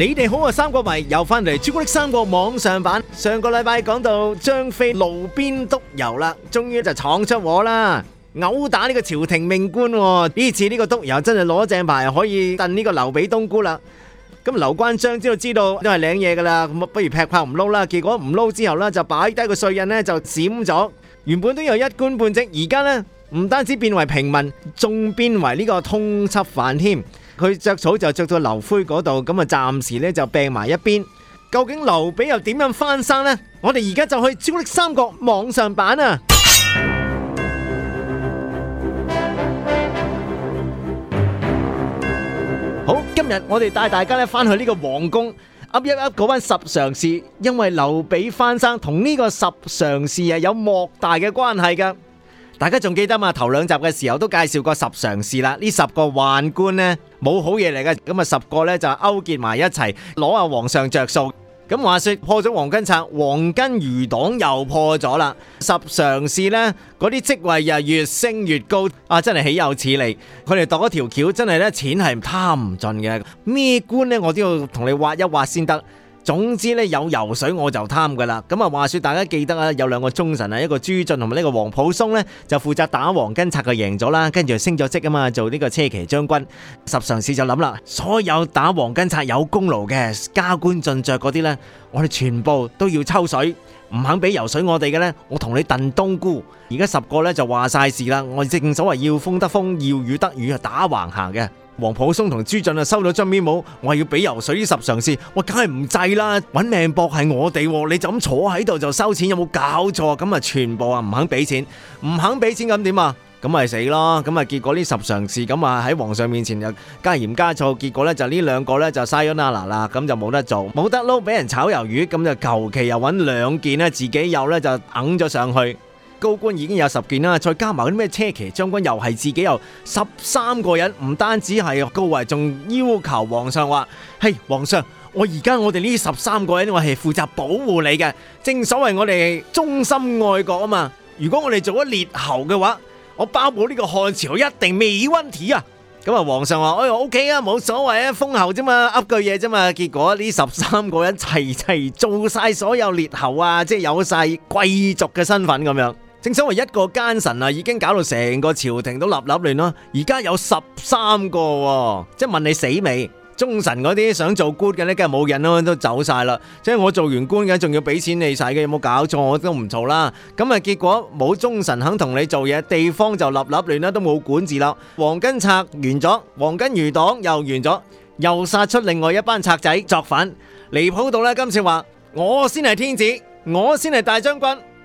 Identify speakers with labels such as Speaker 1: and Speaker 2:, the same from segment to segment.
Speaker 1: 你哋好啊，三國迷又翻嚟朱古力三國網上版。上個禮拜講到張飛路邊督郵啦，終於就闖出禍啦，毆打呢個朝廷命官。呢次呢個督郵真係攞正牌，可以燉呢個劉備冬菇啦。咁劉關張知道知道都係領嘢噶啦，咁不如劈炮唔撈啦。結果唔撈之後呢，就擺低個稅印呢，就閃咗。原本都有一官半職，而家呢，唔單止變為平民，仲變為呢個通緝犯添。佢着草就着到劉灰嗰度，咁啊暫時咧就掟埋一邊。究竟劉備又點樣翻生呢？我哋而家就去《朱古力三國》網上版啊！ 好，今日我哋帶大家咧翻去呢個皇宮，噏一噏嗰班十常侍，因為劉備翻生同呢個十常侍啊有莫大嘅關係噶。大家仲記得嘛？頭兩集嘅時候都介紹過十常侍啦，呢十個宦官呢。冇好嘢嚟嘅，咁啊十個呢，就勾結埋一齊攞阿皇上着數。咁話說破咗黃巾賊，黃巾餘黨又破咗啦。十常侍呢，嗰啲職位又越升越高，啊真係豈有此理！佢哋度咗條橋，真係呢錢係貪唔盡嘅，咩官呢？我都要同你挖一挖先得。總之咧有油水我就貪噶啦，咁啊話說大家記得啊，有兩個忠臣啊，一個朱俊同埋呢個皇甫嵩呢，就負責打黃巾賊就贏咗啦，跟住升咗職啊嘛，做呢個車騎將軍。十常侍就諗啦，所有打黃巾賊有功勞嘅加官進爵嗰啲呢，我哋全部都要抽水，唔肯俾油水我哋嘅呢，我同你燉冬菇。而家十個呢，就話晒事啦，我正所謂要風得風，要雨得雨，打橫行嘅。皇甫嵩同朱俊啊，收咗張咪帽，要我要俾油水十常侍，我梗係唔制啦，揾命搏係我哋，你就咁坐喺度就收錢，有冇搞錯？咁啊全部啊唔肯俾錢，唔肯俾錢咁點啊？咁咪死咯！咁啊結果呢十常侍咁啊喺皇上面前又加鹽加醋，結果呢就呢兩個呢，就嘥咗啦啦啦，咁就冇得做，冇得撈，俾人炒魷魚，咁就求其又揾兩件呢自己有呢就掹咗上去。高官已經有十件啦，再加埋啲咩車騎將軍，又係自己有十三個人，唔單止係高位，仲要求皇上話，嘿，hey, 皇上，我而家我哋呢十三個人，我係負責保護你嘅。正所謂我哋忠心愛國啊嘛！如果我哋做咗列侯嘅話，我包保呢個漢朝一定冇問題啊！咁啊，皇上話，哎呀，O K 啊，冇、okay, 所謂啊，封侯啫嘛，噏句嘢啫嘛。結果呢十三個人齊齊做晒所有列侯啊，即係有晒貴族嘅身份咁樣。正所謂一個奸臣，啊，已經搞到成個朝廷都立立亂啦。而家有十三個，即係問你死未？忠臣嗰啲想做官嘅呢，梗係冇人咯，都走晒啦。即係我做完官嘅，仲要俾錢你使嘅，有冇搞錯？我都唔做啦。咁啊，結果冇忠臣肯同你做嘢，地方就立立亂啦，都冇管治啦。黃巾賊完咗，黃巾餘黨又完咗，又殺出另外一班賊仔作反，離譜到呢。今次話我先係天子，我先係大將軍。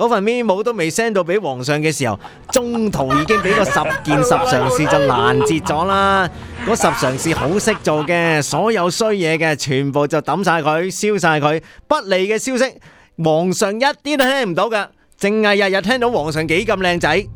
Speaker 1: 嗰份 memo 都未 send 到俾皇上嘅時候，中途已經俾個十件十常侍就攔截咗啦。嗰十常侍好識做嘅，所有衰嘢嘅全部就抌晒佢，燒晒佢。不利嘅消息，皇上一啲都聽唔到㗎，淨係日日聽到皇上幾咁靚仔。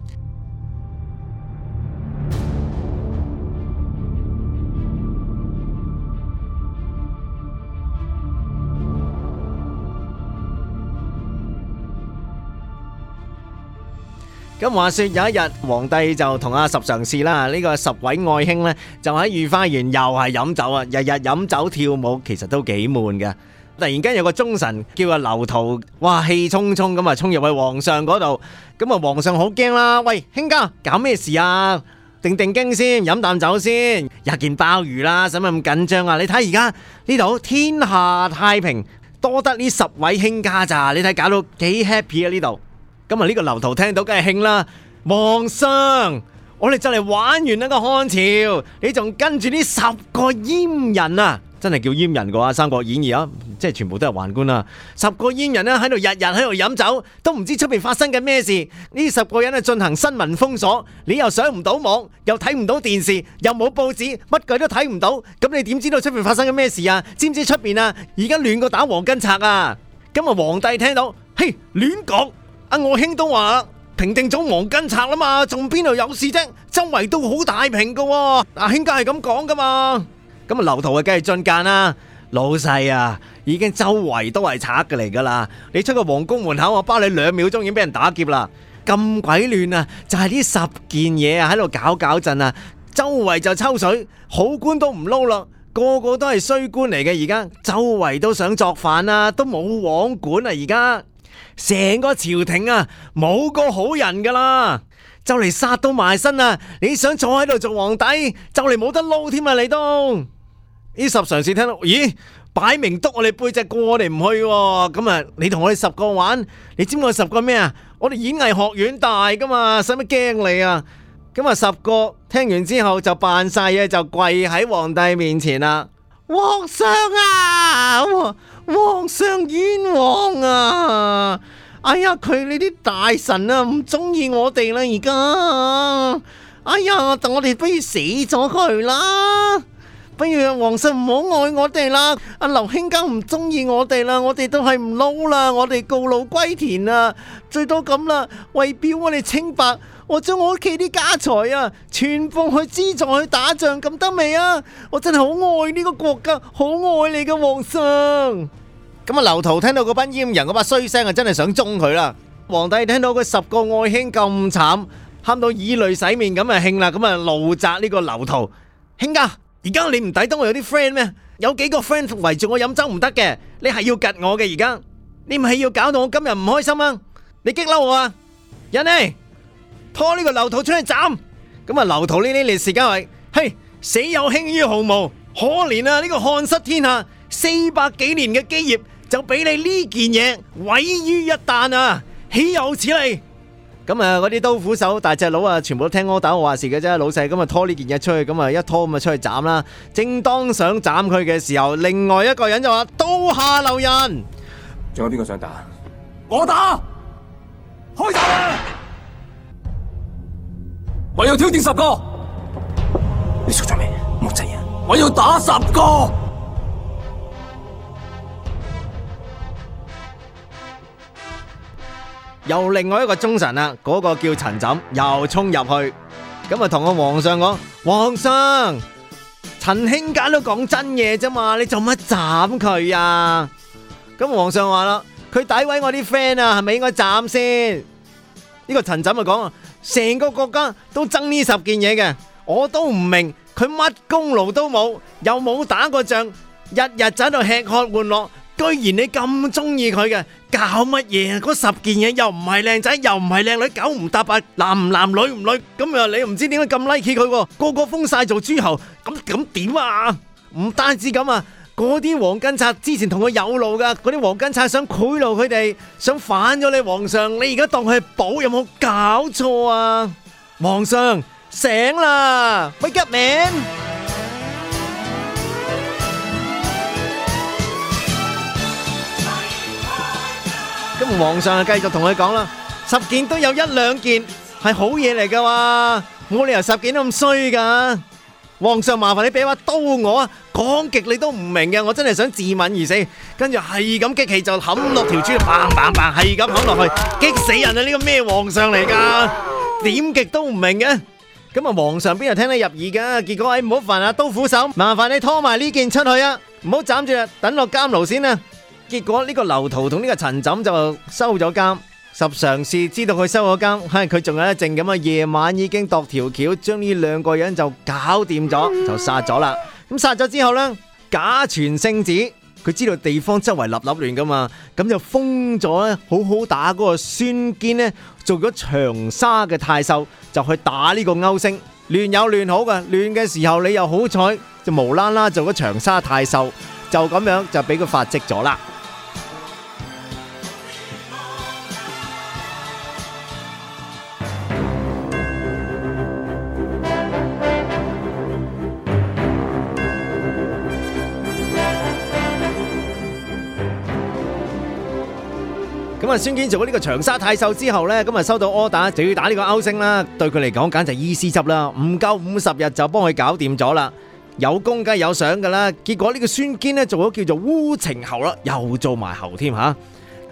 Speaker 1: 咁話説有一日，皇帝就同阿十常侍啦。呢個十位愛卿呢，就喺御花園又係飲酒啊！日日飲酒跳舞，其實都幾悶㗎。突然間有個忠臣叫阿劉陶，哇！氣沖沖咁啊，衝入去皇上嗰度。咁啊，皇上好驚啦！喂，卿家搞咩事啊？定定驚先，飲啖酒先，食件鮑魚啦，使乜咁緊張啊？你睇而家呢度天下太平，多得呢十位卿家咋？你睇搞到幾 happy 啊？呢度！今日呢個劉陶聽到，梗係興啦。皇上，我哋就嚟玩完呢個漢朝，你仲跟住呢十個閹人啊？真係叫閹人噶啊！三國演義啊，即係全部都係宦官啊。十個閹人咧喺度日日喺度飲酒，都唔知出邊發生緊咩事。呢十個人啊進行新聞封鎖，你又上唔到網，又睇唔到電視，又冇報紙，乜鬼都睇唔到。咁你點知道出邊發生緊咩事啊？知唔知出邊啊？而家亂過打黃巾賊啊！今日皇帝聽到，嘿，亂講。我兄都話平定咗黃巾賊啦嘛，仲邊度有事啫？周圍都好太平噶。哦，阿、啊、兄家係咁講噶嘛？咁啊，劉陶啊，梗係進諫啦，老細啊，已經周圍都係賊嚟噶啦！你出個皇宮門口，我包你兩秒鐘已經俾人打劫啦！咁鬼亂啊，就係、是、呢十件嘢啊喺度搞搞震啊，周圍就抽水，好官都唔撈啦，個個都係衰官嚟嘅而家，周圍都想作反啊，都冇王管啊而家。成個朝廷啊，冇個好人噶啦，就嚟殺到埋身啦！你想坐喺度做皇帝，就嚟冇得撈添啊！你都！呢十常侍聽到，咦，擺明篤我哋背脊過我哋唔去，咁啊，你同我哋十個玩，你知唔知我十個咩啊？我哋演藝學院大噶嘛，使乜驚你啊？咁啊，十個聽完之後就扮晒嘢，就跪喺皇帝面前啦。皇上啊，皇上冤枉啊！哎呀，佢呢啲大臣啊唔中意我哋啦，而家，哎呀，我哋不如死咗佢啦，不如皇上唔好愛我哋啦。阿劉卿家唔中意我哋啦，我哋都係唔撈啦，我哋告老歸田啊，最多咁啦，為表我哋清白。我將我屋企啲家財啊，全部去資助去打仗，咁得未啊？我真係好愛呢個國家，好愛你嘅皇上。咁啊，劉陶聽到嗰班閹人嗰把衰聲啊，真係想中佢啦！皇帝聽到佢十個愛卿咁慘，喊到以淚洗面，咁啊興啦！咁啊怒責呢個劉陶，卿家，而家你唔抵得我有啲 friend 咩？有幾個 friend 圍住我飲酒唔得嘅，你係要吉我嘅而家，你唔係要搞到我今日唔開心啊！你激嬲我啊，人嚟！拖呢個劉陶出去斬，咁啊劉陶呢啲歷史家位，嘿死有輕於鴻毛。可憐啊呢個漢室天下四百幾年嘅基業就俾你呢件嘢毀於一旦啊，豈有此理！咁啊嗰啲刀斧手大隻佬啊，全部都聽我打我話事嘅啫，老細。咁啊拖呢件嘢出去，咁啊一拖咁啊出去斬啦。正當想斬佢嘅時候，另外一個人就話刀下留人。仲有邊個想打？我打。開打啦！我要挑戰十個，你數咗未？冇計啊！我要打十個。又另外一個忠臣啊，嗰個叫陳枕，又衝入去，咁啊同個皇上講：皇上，陳卿家都講真嘢啫嘛，你做乜斬佢啊？咁皇上話啦，佢詆毀我啲 friend 啊，係咪應該斬先？呢個陳枕就講。成個國家都爭呢十件嘢嘅，我都唔明佢，乜功勞都冇，又冇打過仗，日日就喺度吃喝玩樂，居然你咁中意佢嘅，搞乜嘢？嗰十件嘢又唔係靚仔，又唔係靚女，九唔搭八，男唔男女唔女，咁又你唔知點解咁 like 佢？個個封晒做諸侯，咁咁點啊？唔單止咁啊！嗰啲黃巾賊之前同佢有路噶嗰啲黃巾賊想賄賂佢哋，想反咗你皇上，你而家當佢係寶有冇搞錯啊？皇上醒啦，未吉名！咁皇上就繼續同佢講啦，十件都有一兩件係好嘢嚟噶，冇理由十件都咁衰噶。皇上麻煩你俾把刀我啊，講極你都唔明嘅，我真係想自刎而死，跟住係咁激氣就冚落條柱，嘭嘭嘭係咁冚落去，激死人啊！呢個咩皇上嚟噶？點極都唔明嘅，咁啊皇上邊度聽得入耳噶？結果，哎，唔好煩啊，刀斧手麻煩你拖埋呢件出去啊，唔好斬住啊，等落監牢先啊。結果呢個劉陶同呢個陳耽就收咗監。十常侍知道佢收咗金，係佢仲有一剩咁啊！夜晚已經度條橋，將呢兩個人就搞掂咗，就殺咗啦。咁殺咗之後咧，假傳聖旨，佢知道地方周圍立立亂噶嘛，咁就封咗咧，好好打嗰個孫堅咧，做咗長沙嘅太守，就去打呢個區星，亂有亂好噶，亂嘅時候你又好彩就無啦啦做咗長沙太守，就咁樣就俾佢發迹咗啦。孫堅做咗呢個長沙太守之後呢，咁啊收到 order 就要打呢個歐星啦。對佢嚟講，簡直就依師執啦，唔夠五十日就幫佢搞掂咗啦。有功梗有賞噶啦。結果呢個孫堅呢做咗叫做烏程侯啦，又做埋侯添吓。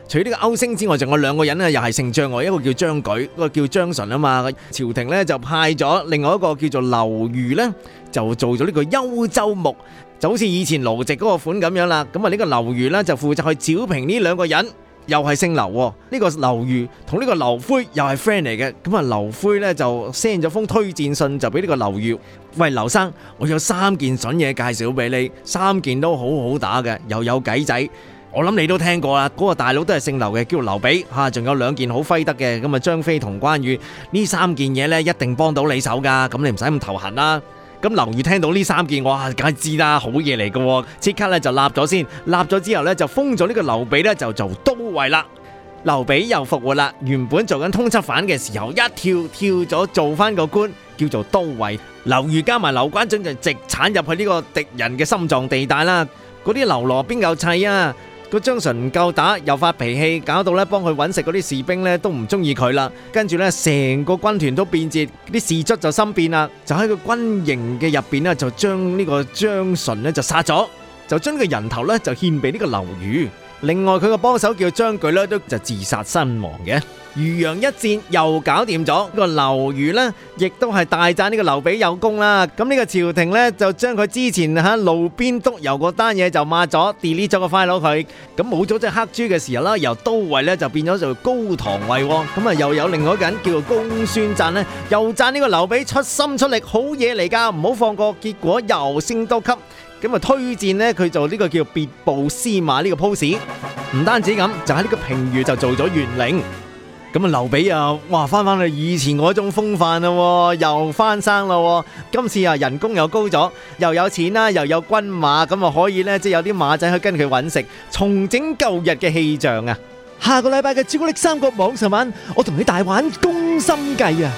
Speaker 1: 除呢個歐星之外，仲有兩個人啊，又係姓張嘅。一個叫張舉，一個叫張純啊嘛。朝廷呢就派咗另外一個叫做劉虞呢，就做咗呢個幽州牧，就好似以前盧植嗰個款咁樣啦。咁啊呢個劉虞呢就負責去剿平呢兩個人。又係姓劉喎，呢個劉裕同呢個劉輝又係 friend 嚟嘅，咁啊劉輝咧就 send 咗封推薦信就俾呢個劉裕，喂劉生，我有三件筍嘢，介紹俾你，三件都好好打嘅，又有計仔，我諗你都聽過啦，嗰個大佬都係姓劉嘅，叫劉備吓，仲有兩件好揮得嘅，咁啊張飛同關羽呢三件嘢呢，一定幫到你手噶，咁你唔使咁頭痕啦。咁劉豫聽到呢三件，哇，梗係知啦，好嘢嚟嘅，即刻咧就立咗先，立咗之後咧就封咗呢個劉備咧就做都尉啦，劉備又復活啦，原本做緊通緝犯嘅時候，一跳跳咗做翻個官，叫做都尉，劉豫加埋劉關張就直鏟入去呢個敵人嘅心臟地帶啦，嗰啲流羅邊有砌啊！個張純唔夠打，又發脾氣，搞到咧幫佢搵食嗰啲士兵都唔中意佢啦。跟住咧成個軍團都變節，啲士卒就心變啦，就喺個軍營嘅入邊咧就將呢個張純咧就殺咗，就將呢個人頭咧就獻俾呢個劉虞。另外佢個幫手叫張舉呢都就自殺身亡嘅。漁陽一戰又搞掂咗，呢個劉虞呢亦都係大讚呢個劉備有功啦。咁呢個朝廷呢，就將佢之前喺、啊、路邊督郵嗰單嘢就抹咗，delete 咗個 file 佢。咁冇咗隻黑豬嘅時候啦，由都尉呢就變咗做高唐尉。咁啊又有另外一個人叫做公孫瓚呢，又讚呢個劉備出心出力好嘢嚟噶，唔好放過。結果又升多級。咁啊，推薦咧，佢做呢個叫別部司馬呢個 pose，唔單止咁，就喺呢個平原就做咗縣令。咁啊，劉備啊，哇，翻翻去以前嗰種風範啦，又翻生啦，今次啊，人工又高咗，又有錢啦，又有軍馬，咁啊，可以咧，即係有啲馬仔去跟佢揾食，重整舊日嘅氣象啊！下個禮拜嘅朱古力三國網上晚，我同你大玩攻心計啊！